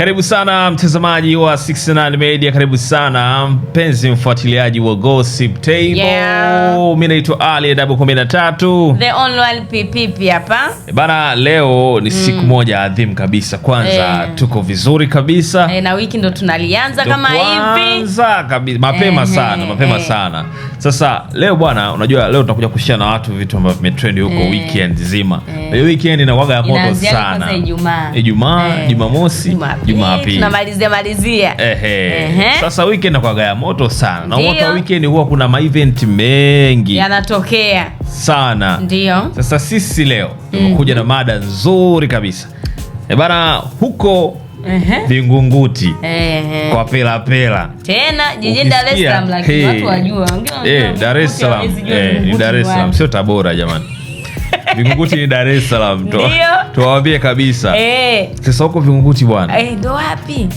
Karibu sana mtazamaji wa 69 Media, karibu sana mpenzi mfuatiliaji wa Gossip Table. Yeah. Mimi naitwa Ali Adabu 13. The only one pipi hapa. Eh, bana, leo ni mm. siku moja adhimu kabisa. Kwanza yeah. tuko vizuri kabisa. Yeah, na wiki ndo tunalianza kama hivi. Kwanza kabisa mapema yeah. sana, mapema yeah. sana. Sasa leo bwana, unajua leo tutakuja kushare na watu vitu ambavyo vimetrend huko yeah. weekend nzima. Yeah hiyo weekend inakuwaga ya moto sana, Ijumaa, Ijumaa, eh. Jumamosi, Jumapili tunamalizia malizia. Ehe. Sasa weekend inakuwaga ya moto sana, na mwaka weekend huwa kuna maevent mengi yanatokea sana. Ndio sasa sisi leo mm. tumekuja mm -hmm. na mada nzuri kabisa e bana, huko Vingunguti kwa pela pela tena jijini Dar es Salaam, lakini watu wajua, wengine eh, Dar es Salaam, Dar es Salaam sio Tabora jamani. Vingunguti ni Dar es Salaam, tuwaambie kabisa eh. Sasa huko Vingunguti bwana eh, ndo wapi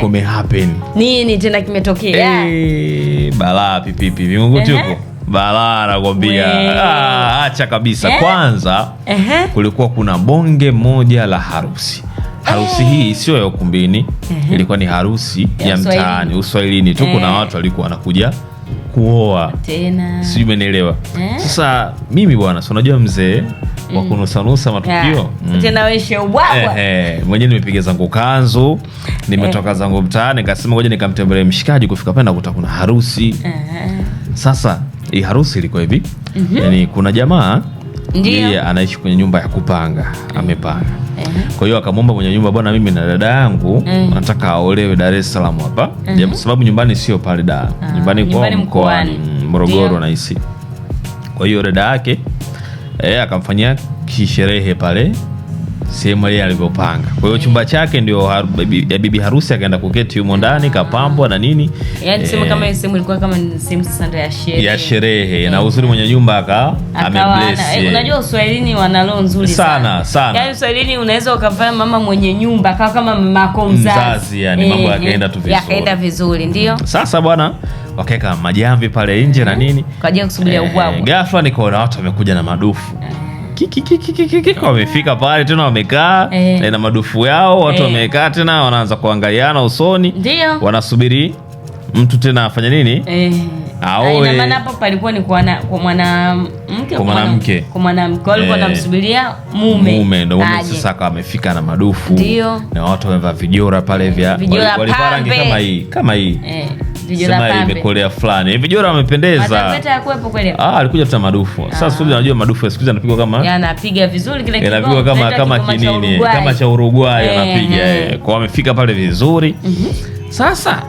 kume happen nini tena kimetokea eh, balaa pipipi Vingunguti huko balaa nakwambia, ah, acha kabisa eh. Kwanza eh, kulikuwa kuna bonge moja la harusi harusi hey. Eh. Hii sio ya ukumbini uh -huh. Ilikuwa ni harusi ya, ya mtaani uswahilini tu, kuna eh. watu walikuwa wanakuja kuoa tena, sijui umenielewa eh? Sasa mimi bwana, si unajua mzee mm. wa kunusanusa matukio mm. eh, eh. mwenyewe, nimepiga zangu kanzu, nimetoka eh. zangu mtaani, nikasema ngoja nikamtembelee mshikaji. Kufika pale nakuta kuna harusi eh. Sasa hii harusi ilikuwa hivi mm -hmm. yani kuna jamaa yeye anaishi kwenye nyumba ya kupanga, amepanga. Eh. Kwa hiyo akamwomba mwenye nyumba, bwana, mimi na dada yangu eh. nataka aolewe Dar es Salaam hapa, kwa eh. sababu nyumbani sio pale da ah, nyumbani kwa mkoa mm, Morogoro nahisi. Kwa hiyo dada yake akamfanyia kisherehe pale sehemu ile alivyopanga. Kwa hiyo chumba chake ndio har, bibi, bibi harusi akaenda kuketi humo ndani kapambwa na nini, yani sema eh, kama hiyo sehemu ilikuwa kama sehemu sasa ndio ya sherehe ya sherehe, na eh. uzuri mwenye nyumba aka amebless. Eh, unajua Uswahilini wana roho nzuri sana sana, sana. Yani Uswahilini unaweza ukafanya mama mwenye nyumba kama kama mako mzazi, mzazi yani mambo yakaenda tu vizuri, yakaenda vizuri. Ndio sasa bwana wakaeka majamvi pale nje na mm-hmm. nini kwa ajili ya kusubiria ubwabu. Ghafla nikaona watu wamekuja na madufu wamefika pale tena wamekaa e, na madufu yao watu e, wamekaa tena wanaanza kuangaliana usoni, wanasubiri mtu tena afanya nini e, hapo palikuwa ni kwa mwanamke kwa mwanamke wanamsubiria mume mume. Sasa amefika na madufu na watu wamevaa vijora pale vya rangi kama hii kama hii e sema imekolea fulani ah, alikuja madufu. Sasa anajua ah. madufu siku hizi anapigwa kama vizuri kile anapigwa yaani kama kama kinini kama cha Uruguay eh, anapiga eh, eh. kwa, wamefika pale vizuri mhm. sasa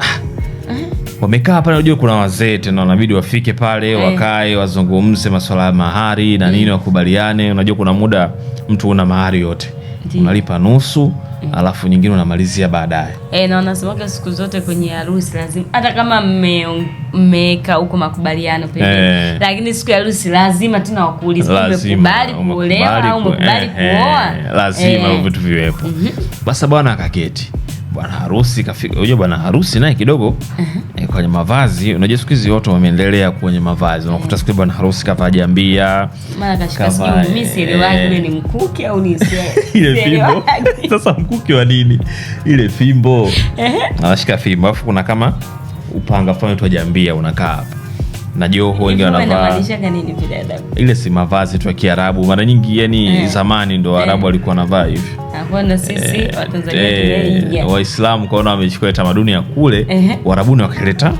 wamekaa pale, unajua kuna wazee tena wanabidi wafike pale wakae wazungumze masuala ya mahari na mm. nini, wakubaliane. Unajua kuna muda mtu una mahari yote, unalipa nusu Mm-hmm. alafu nyingine unamalizia baadaye. E, na wanasemaga siku zote kwenye harusi lazima, hata kama mmeweka huko makubaliano pengine, eh. lakini siku ya harusi lazima tuna wakuuliza umekubali kuolewa au umekubali eh, kuoa, lazima vitu viwepo. Mm-hmm. Basa bwana akaketi bwana harusi kafika. Unajua bwana harusi naye kidogo uh -huh. Eh, kwenye mavazi unajua siku hizi watu wameendelea kwenye mavazi unakuta mm. Siku hizi bwana harusi kavaa jambia eh, sasa mkuki wa nini ile fimbo anashika fimbo alafu kuna kama upanga fulani tu jambia unakaa hapa na joho, wengi wanavaa ile, si mavazi tu ya Kiarabu mara nyingi, yani eh, zamani ndo Waarabu eh. walikuwa wanavaa hivi eh, eh. Waislamu kwaona wamechukua tamaduni ya kule eh, Warabuni wakaleta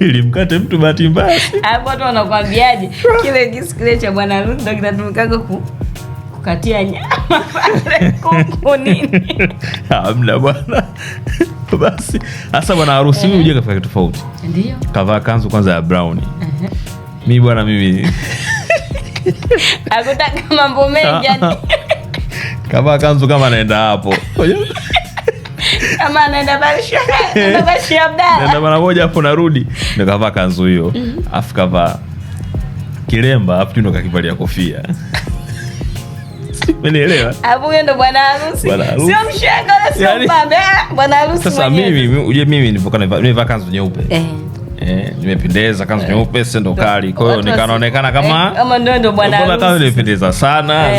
ilimkate mtu bahati mbaya wanakwambiaje kile kisikile cha bwana ndo kinatumikaga ku kukatia nyama kuku nini, hamna bwana Basi hasa bwana harusi huyu eh. huja kafika tofauti, ndio kavaa kanzu kwanza ya brown. Mi bwana mimi akutaka mambo mengi, kavaa kanzu kama anaenda hapo kama naenda mara moja hapo narudi, ndo kavaa kanzu hiyo, mhm. afu kavaa kilemba, afu ndo kakivalia kofia Umenielewa? Hapo ah, huyo ndo bwana harusi. Sio mshenga sio yaani, eh, Bwana harusi. Sasa mimi uje mimi nilipokuwa nimevaa kanzu nyeupe. Eh. Eh, nimependeza kanzu eh. nyeupe kali. Kwa hiyo nikaonekana eh, kama kama ndio ndo bwana harusi. Mbona kanzu nimependeza sana.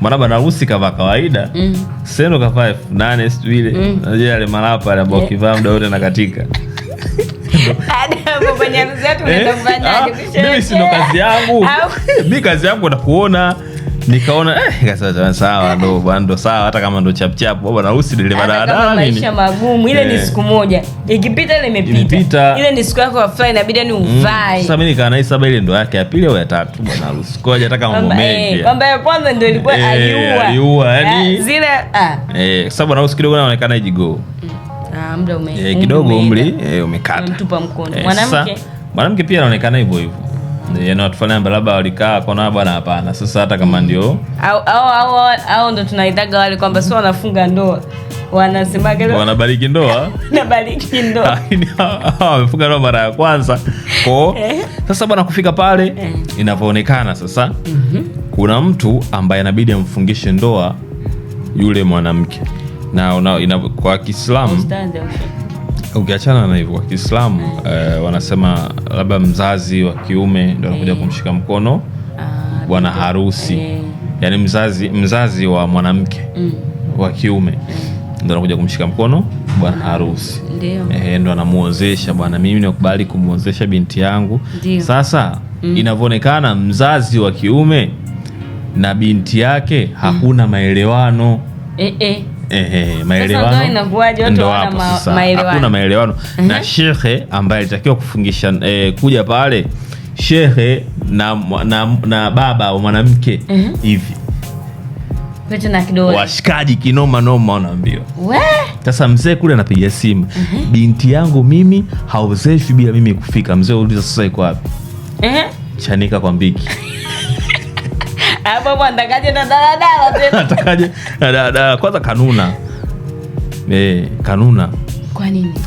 Mwana bwana harusi kavaa kawaida. Mm. Sendo kavaa elfu nane ile. Mm. yale malapa yale ukivaa muda wote nakatika. Ah, mimi kazi yangu. Mimi kazi yangu nikaona eh, sawa ndo bando sawa, hata kama ndo chapchap baba narusi dereva daladala nini, maisha magumu. Ile ni eh. siku moja ikipita, ile imepita, ile ni siku yako ya fly, inabidi ni mm. uvae. Sasa mimi nikaa naisi saba, ile ndo yake ya pili au ya tatu, bwana harusi koja, hata kama mumeje, eh, kwamba ya kwanza ndo ilikuwa eh, aliua aliua, yani zile ah. eh, sababu bwana harusi kidogo naonekana ijigo mm. ah, kidogo, umri umekata, mtupa mkono mwanamke, mwanamke pia anaonekana hivyo hivyo yaani labda walikaa kona bwana, hapana. Sasa hata kama ndio au ndo tunaitaga wale kwamba si wanafunga ndoa wanabariki ndoa ndoa wamefunga ndoa mara ya kwanza ko eh. sasa bwana, kufika pale eh. inavyoonekana sasa, mhm. kuna mtu ambaye anabidi amfungishe ndoa yule mwanamke na una, ina, kwa Kiislamu ukiachana na hivyo kwa Kiislamu eh, wanasema labda mzazi wa kiume ndo anakuja eh. kumshika mkono ah, bwana harusi hey, eh. Yani mzazi, mzazi wa mwanamke mm. wa kiume eh. ndo anakuja kumshika mkono bwana ah, harusi eh, ndo anamuozesha bwana, mimi nakubali kumwozesha binti yangu. Ndiyo. Sasa mm. inavyoonekana mzazi wa kiume na binti yake hakuna mm. maelewano eh, eh maelewanohakuna maelewano hakuna maelewano na shekhe ambaye alitakiwa kufungisha eh, kuja pale shehe na, na, na baba wa mwanamke hivi washikaji kinoma noma, wanaambiwa sasa. Mzee kule anapiga simu, binti yangu mimi hauzeshwi bila mimi kufika. Mzee uliza sasa iko wapi? Chanika kwa Mbiki atakaje na daladala kwanza kanuna eh, kanuna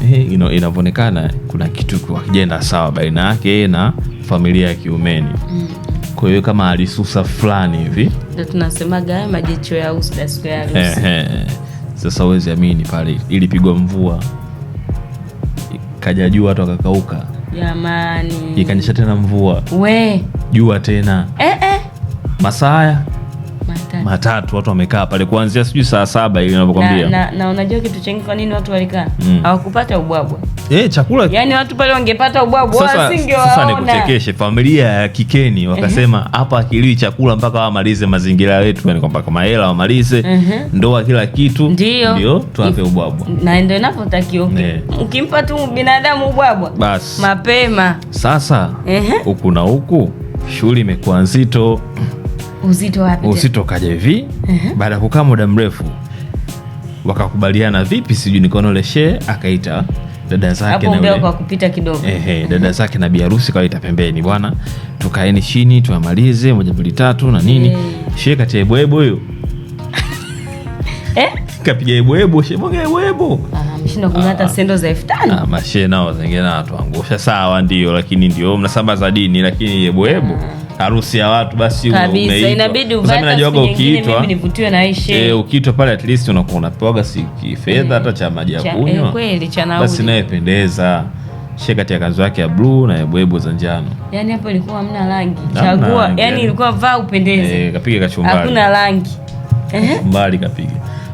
eh, ino, inavyoonekana kuna kitu akijenda sawa baina yake na familia ya Kiumeni mm. Kwa hiyo kama alisusa fulani hivi tunasemaga majicho ya siku ya harusi Sasa uwezi amini pale ilipigwa mvua kaja jua watu akakauka jamani, ikanyesha tena mvua we jua tena eh, eh masaa haya matatu, watu wamekaa pale kuanzia sijui saa saba ili navyokwambia. Na, na, na unajua kitu chengi, kwa nini watu walikaa mm. hawakupata mm. ubwabwa E, chakula yani watu pale wangepata ubwabwa wasingewaona. Sasa nikuchekeshe, familia ya Kikeni wakasema hapa akiliwi chakula mpaka wamalize mazingira yetu, yani kwamba kama hela wamalize ndoa kila kitu ndio tuwape ubwabwa, na ndio inapotakiwa. Eh. Ukimpa tu binadamu ubwabwa bas mapema. Sasa huku na huku shughuli imekuwa nzito uzito wapi? Uzito kaja hivi uh -huh. Baada ya kukaa muda mrefu wakakubaliana vipi, sijui nikaonoleshe, akaita dada zake na yule kwa kupita kidogo ehe, dada zake na bi harusi kawaita pembeni, bwana, tukaeni chini tuamalize moja mbili tatu na nini. Shehe ya ebwebo huyo eh, kapiga ebwebo shehe, bonga ebwebo mshindo ah. sendo za ah, mashehe nao zingine na watuangusha. Sawa, ndio, lakini ndio mnasambaza dini, lakini ebwebo ah harusi ya watu basi kabisa, ukiitwa eh, ukiitwa pale at least unakuwa unapewaga si kifedha hata cha maji ya eh, kunywa basi inayependeza she kati ya kanzu yake ya bluu na ebwebo za njano. Yani hapo ilikuwa hamna rangi, chagua yani yaani- ilikuwa vaa upendeze e, eh, kapiga kachumbari, hakuna rangi kachumbari kapiga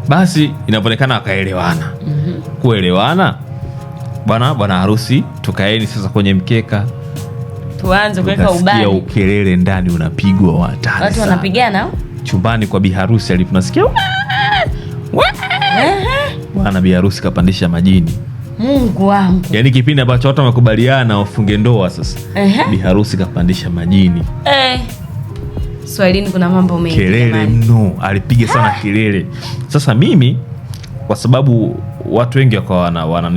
basi, inaonekana wakaelewana. mm -hmm. Kuelewana bwana bwana harusi, tukaeni sasa kwenye mkeka tuanze kuweka ubani, ukelele ndani unapigwa, watu wanapigana chumbani kwa biharusi, aliponasikia bwana biharusi kapandisha majini. Mungu wangu, yaani kipindi ambacho watu wamekubaliana wafunge ndoa sasa, biharusi kapandisha majini eh. Swahilini kuna mambo mengi, kelele mno, alipiga sana ah! kelele. Sasa mimi kwa sababu watu wengi wakawa wana,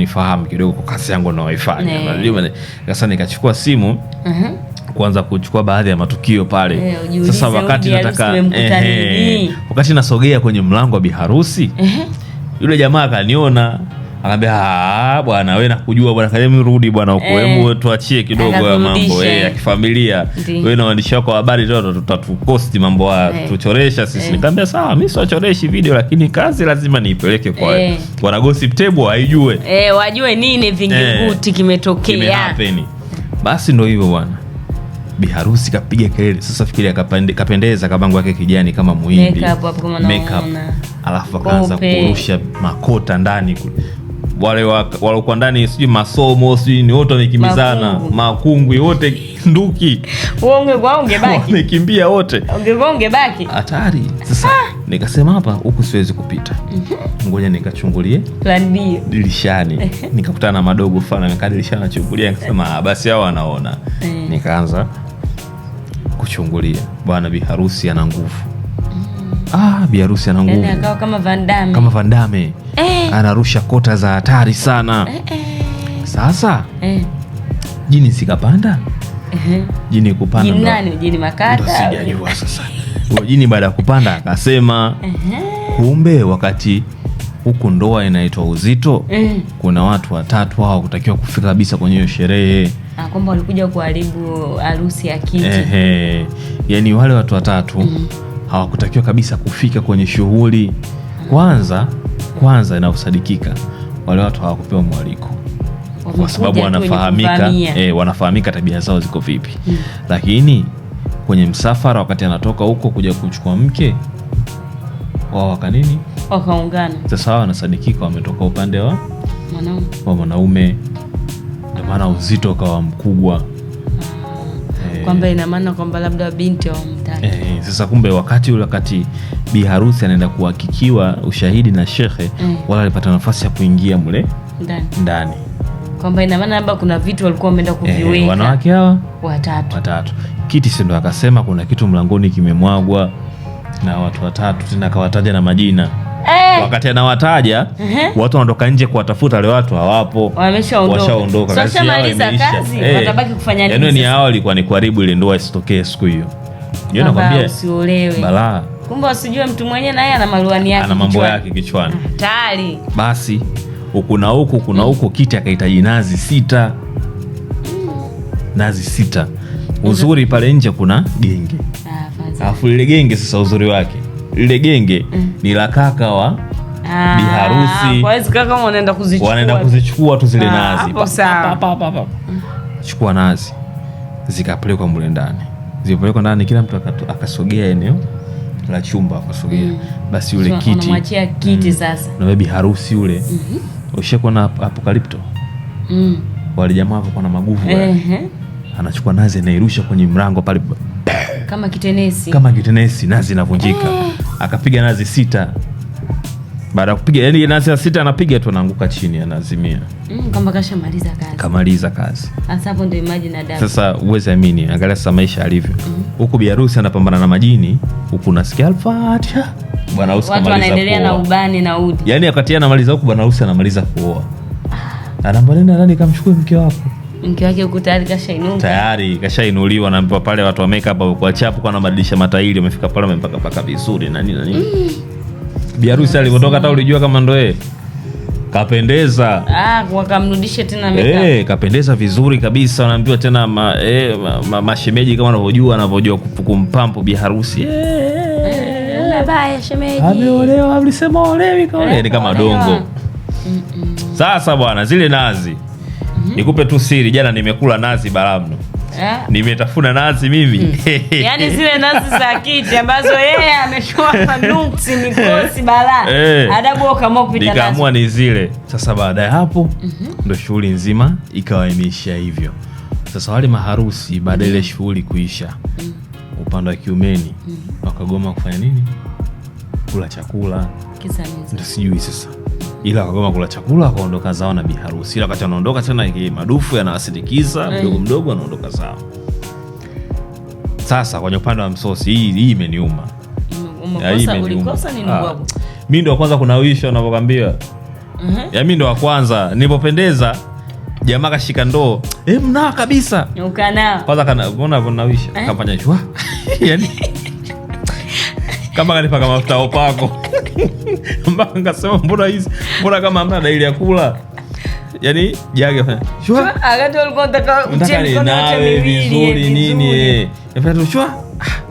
kidogo kwa kazi yangu naoifanya. Unajua, sasa nikachukua simu uh mhm. -huh kuanza kuchukua baadhi ya matukio pale. E, sasa wakati nataka ehe, wakati nasogea kwenye mlango wa biharusi yule jamaa akaniona Akaambia bwana, we nakujua bwana, karibu rudi bwana huko, eh, hebu tuachie kidogo ya mambo eh, ya eh. kifamilia, we na waandishi wako habari tutatuposti mambo eh, tuchoresha sisi. Eh. Nikaambia sawa, mi siwachoreshi video, lakini kazi lazima niipeleke kwa eh, wana Gossip Table waijue, wajue nini vingeguti eh, kimetokea. kime. Basi ndo hivyo bwana. Biharusi kapiga kelele. Sasa fikiria, kapendeza kabango yake kijani kama muimbi, makeup, alafu akaanza kurusha makota ndani kule wale waliokuwa ndani sijui masomo sijui ni wote wamekimbizana, makungwi wote, nduki wamekimbia wote, hatari. Ah. Sasa nikasema hapa huku siwezi kupita, mhm. ngoja nikachungulie dirishani. Nikakutana na madogo fana amekaa dirishani nachungulia, nikasema ah, basi hao wanaona. Eh. Nikaanza kuchungulia, bwana biharusi ana nguvu. Mm. Ah, biharusi ana yaani nguvu kama Vandame, kama Vandame eh, anarusha kota za hatari sana eh, eh. Sasa eh, jini sikapanda eh, jini kupanda jini Jini Makata sijajua sasa jini baada ya kupanda akasema eh, kumbe wakati huku ndoa inaitwa uzito mm. Kuna watu watatu hao kutakiwa kufika kabisa kwenye hiyo sherehe, ah, kwamba walikuja kuharibu harusi ya kiti ehe. Yani wale watu watatu mm. hawakutakiwa kabisa kufika kwenye shughuli. Kwanza kwanza inaosadikika wale watu hawakupewa mwaliko kwa sababu wanafahamika, e, wanafahamika tabia zao ziko vipi mm. Lakini kwenye msafara, wakati anatoka huko kuja kuchukua mke wao, waka nini, wakaungana sasa, hawa wanasadikika wametoka upande wa wa mwanaume, ndio maana uzito ukawa mkubwa ah, kwamba eh. ina maana kwamba labda binti Eh, eh, sasa kumbe wakati ule wakati bi harusi anaenda kuhakikiwa ushahidi na shekhe eh, wala alipata nafasi ya kuingia mle ndani kwamba ina labda kuna vitu walikuwa wameenda eh, eh, kuviweka eh, wanawake hawa watatu watatu kiti sindo akasema kuna kitu mlangoni kimemwagwa na watu watatu tena akawataja na majina Eh. Wakati anawataja uh-huh. Watu wanatoka nje kuwatafuta, wale watu hawapo, washaondoka, washamaliza kazi, watabaki kufanya yaani nini? ni hao walikuwa ni kuharibu ile ndoa isitokee siku hiyo. Ndio nakwambia usiolewe. Balaa. Kumbe usijue mtu mwenyewe naye ana maruani yake. Ana mambo yake kichwani. tayari. Basi huku na huku kuna huku mm. kiti akahitaji nazi sita. Nazi sita. Uzuri pale nje kuna genge. Ah, Alafu lile genge sasa uzuri wake. Lile genge mm. ni la kaka wa ah, biharusi. Kwa hiyo kaka wanaenda kuzichukua. Wanaenda kuzichukua tu zile ah, nazi. Hapo sawa. Chukua nazi. Zikapelekwa mule ndani zilipelekwa ndani, kila mtu akasogea eneo la chumba akasogea mm. Basi yule so, kiti, kiti mm, sasa na bibi harusi yule mm -hmm. Ushakuwa na apokalipto mm. Wale jamaa hapo na maguvu eh, -huh. Anachukua nazi anairusha kwenye mlango pale kama kitenesi, kama kitenesi, nazi inavunjika eh. Akapiga nazi sita baada ya kupiga yani nasi sita anapiga tu anaanguka chini anaazimia mm, kama kashamaliza kazi kamaliza kazi hapo ndio imagine adabu sasa uweze amini angalia sasa maisha alivyo mm. huku mm. biarusi anapambana na majini huku nasikia alfatiha bwana harusi watu wanaendelea na ubani na udi yani wakati anamaliza huku bwana harusi anamaliza kuoa ah. anambalenda nani kamchukue mke wako mke wake huku tayari kashainuka tayari kashainuliwa na pale watu wa makeup kwa chapu kwa anabadilisha matairi wamefika pale wamempaka paka vizuri na nini na nini mm biharusi alipotoka, hata ulijua kama ndo yeye kapendeza. Ah, wakamrudisha tena makeup. Eh, kapendeza vizuri kabisa, wanaambiwa tena ma, eh, ma, ma, mashemeji kama anavyojua anavyojua kumpampo biharusi. Eh, eh, ameolewa, alisema olewi kaolewa eh, ni kama dongo. Sasa bwana, zile nazi mhm. nikupe tu siri, jana nimekula nazi baramno Eh? Nimetafuna nazi mimi hmm. yani zile nazi za kiti ambazo yeye ameshoa nukti mikosi bala hey. Eh. Adabu ukaamua kupita nikaamua ni zile sasa. Baada ya hapo mm -hmm. ndo shughuli nzima ikawa imeisha hivyo. Sasa wale maharusi baada ile mhm. shughuli kuisha mm -hmm. upande wa kiumeni mm -hmm. wakagoma kufanya nini, kula chakula, ndio sijui sasa ila wakagoma kula chakula, wakaondoka zao na biharusi. Ila wakati wanaondoka tena, madufu yanawasindikiza mdogo mdogo, wanaondoka zao. Sasa kwenye upande wa msosi, hii imeniuma ah, mi ndo kwanza kunawisha unavyokwambia mhm. ya mi ndo wa kwanza nilipopendeza jamaa kashika ndoo e, eh, mnaa kabisa kwanza, ona vonawisha eh? kafanya yani kama kanipaka mafuta opako mpaka nkasema mbona hizi mbona kama hamna dalili ya kula yani jage fanya vizuri nini eh. shwa ah,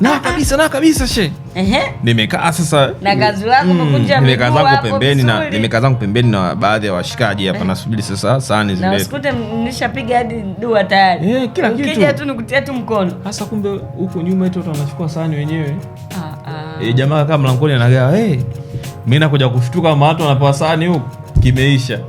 na kabisa na kabisa she. Ehe. Nimekaa ah, sasa na kazi lako hmm. kukunja Nimekaa zangu pembeni na nimekaa zangu pembeni na baadhi ya washikaji hapa eh. nasubiri sasa sahani zile. Na usikute nishapiga hadi dua tayari. Eh, kila kitu. Ukija tu nikutia tu mkono. Sasa kumbe huko nyuma eti watu wanachukua sahani wenyewe. Ah ah. Eh, jamaa kama mlangoni anagaa "Eh, hey, mimi nakuja kushtuka kama watu wanapewa sahani huko kimeisha."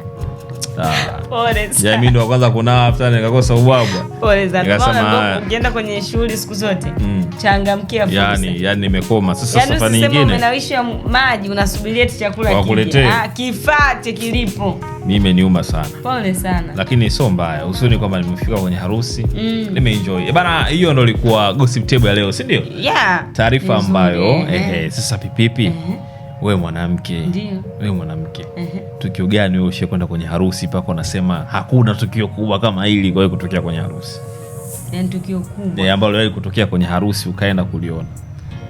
ya mimi ndo kwanza kunaa after nikakosa ubwabwa. Nikasema ah. kwenye shughuli siku zote mm. changamkia fursa. Yani, yani nimekoma sasa. Yani safari nyingine unawisha maji unasubiria eti chakula kile, ah, kifate kilipo. Mimi imeniuma sana. Pole sana, lakini sio mbaya, usioni kwamba nimefika kwenye harusi mm. nimeenjoy eh, bana. Hiyo ndo ilikuwa gossip table ya leo, si ndio? Yeah, taarifa ambayo eh. ehe, sasa pipipi ehe we mwanamke, we mwanamke, tukio gani ushie kwenda kwenye harusi mpaka unasema hakuna tukio kubwa kama hili kwa kutokea kwenye harusi? Yaani tukio eh, ambalo wai kutokea kwenye harusi ukaenda kuliona?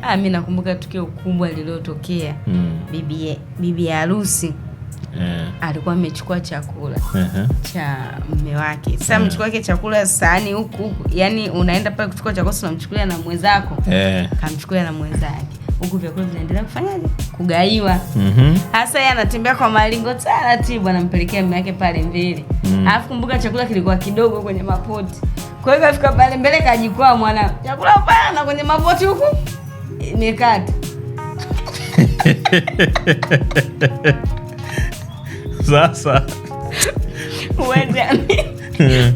Ah, mi nakumbuka tukio kubwa lililotokea hmm. bibi bibi harusi Yeah. Alikuwa amechukua chakula uh -huh. cha mme wake sasa yeah. mchukua wake chakula sahani huku, yani unaenda pale kuchukua chakula, unamchukulia na mwenzako yeah. kamchukulia na mwenzake huku vyakula vinaendelea kufanyaje kugaiwa. Mhm. Hasa mm anatembea kwa malingo taratibu, anampelekea mume wake pale mbele mm. Alafu kumbuka chakula kilikuwa kidogo kwenye mapoti, kwa hivyo afika pale mbele kajikwaa mwana chakula pana kwenye mapoti huku imekata sasa mm.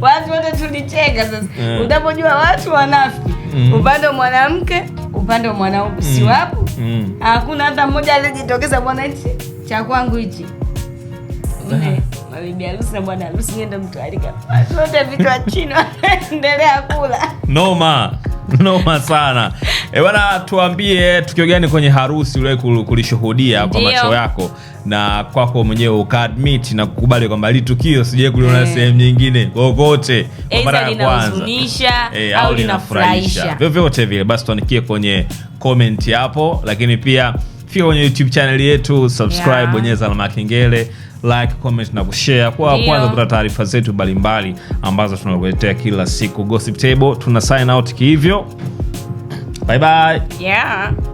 watu wote tulicheka. Sasa mm. utapojua watu wanafiki, mm. upande wa mwanamke upande wa mwanaume mm. si wapo mm. hakuna hata mmoja aliyejitokeza bwana, hichi cha kwangu hichi mabibi harusi na bwana harusi, nenda mtu alika wote vitu wa chini wanaendelea kula noma Noma sana e tuambie tukio gani kwenye harusi uliwahi kulishuhudia kwa macho yako na kwako mwenyewe ukaadmit na kukubali kwamba li tukio sijawahi kuliona eh. sehemu nyingine kokote kwa mara ya kwanza e, au linafurahisha vyovyote vile, basi tuandikie kwenye comment hapo, lakini pia fika kwenye YouTube channel yetu subscribe, bonyeza alama ya kengele like, comment na kushare kwa kwanza kupata taarifa zetu mbalimbali ambazo tunakuletea kila siku. Gossip Table tuna sign out kihivyo. Bye bye. Yeah.